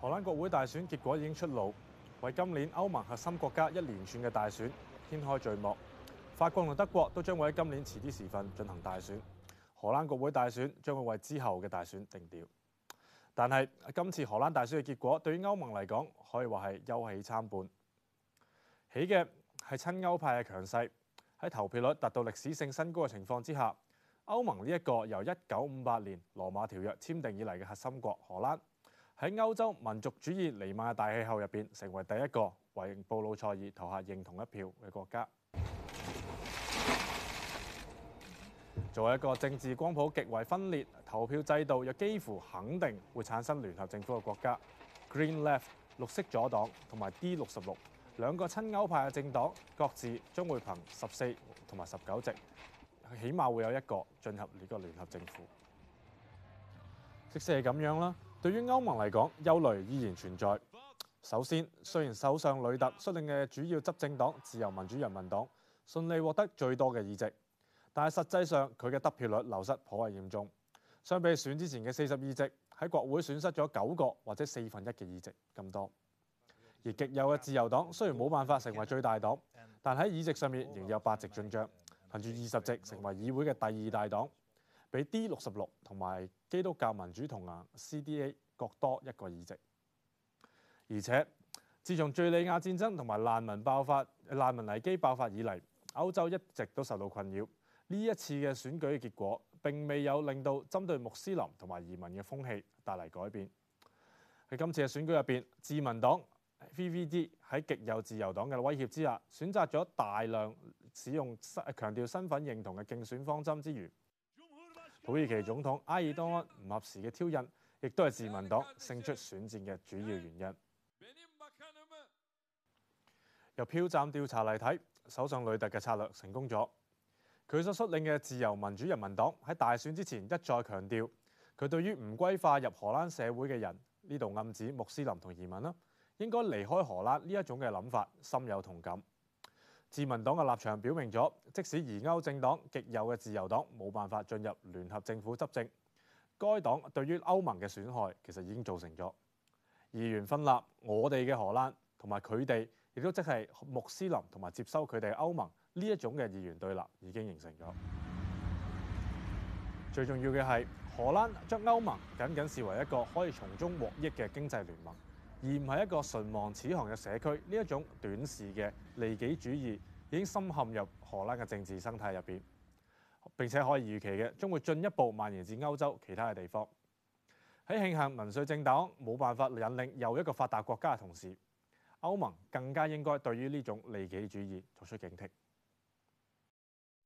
荷蘭國會大選結果已經出爐，為今年歐盟核心國家一連串嘅大選掀開序幕。法國同德國都將會喺今年遲啲時份進行大選，荷蘭國會大選將會為之後嘅大選定調。但係今次荷蘭大選嘅結果，對於歐盟嚟講，可以話係憂喜參半。起嘅係親歐派嘅強勢，喺投票率達到歷史性新高嘅情況之下，歐盟呢一個由一九五八年羅馬條約簽訂以嚟嘅核心國荷蘭，喺歐洲民族主義瀰漫嘅大氣候入邊，成為第一個為布魯塞爾投下認同一票嘅國家。作為一個政治光譜極為分裂、投票制度又幾乎肯定會產生聯合政府嘅國家，Green Left 綠色左黨同埋 D 六十六兩個親歐派嘅政黨，各自將會憑十四同埋十九席，起碼會有一個進入呢個聯合政府。即使係咁樣啦，對於歐盟嚟講，憂慮依然存在。首先，雖然首相呂特率領嘅主要執政黨自由民主人民黨順利獲得最多嘅議席。但係實際上，佢嘅得票率流失頗為嚴重，相比選之前嘅四十二席喺國會損失咗九個或者四分一嘅議席咁多。而極右嘅自由黨雖然冇辦法成為最大黨，但喺議席上面仍有八席進帳，憑住二十席成為議會嘅第二大黨，比 D 六十六同埋基督教民主同盟 （CDA） 各多一個議席。而且自從敍利亞戰爭同埋難民爆發、難民危機爆發以嚟，歐洲一直都受到困擾。呢一次嘅選舉嘅結果並未有令到針對穆斯林同埋移民嘅風氣帶嚟改變。喺今次嘅選舉入邊，自民黨 VVD 喺極右自由黨嘅威脅之下，選擇咗大量使用強調身份認同嘅競選方針之餘，土耳其總統埃爾多安唔合時嘅挑釁，亦都係自民黨勝出選戰嘅主要原因。由票站調查嚟睇，首相里特嘅策略成功咗。佢所率領嘅自由民主人民黨喺大選之前一再強調，佢對於唔歸化入荷蘭社會嘅人，呢度暗指穆斯林同移民啦，應該離開荷蘭呢一種嘅諗法，深有同感。自民黨嘅立場表明咗，即使疑歐政黨極右嘅自由黨冇辦法進入聯合政府執政，該黨對於歐盟嘅損害其實已經造成咗。議員分立，我哋嘅荷蘭同埋佢哋，亦都即係穆斯林同埋接收佢哋嘅歐盟。呢一種嘅議員對立已經形成咗。最重要嘅係荷蘭將歐盟僅僅視為一個可以從中獲益嘅經濟聯盟，而唔係一個唇亡齒寒嘅社區。呢一種短視嘅利己主義已經深陷入荷蘭嘅政治生態入邊。並且可以預期嘅，將會進一步蔓延至歐洲其他嘅地方。喺慶幸民粹政黨冇辦法引領又一個發達國家嘅同時，歐盟更加應該對於呢種利己主義作出警惕。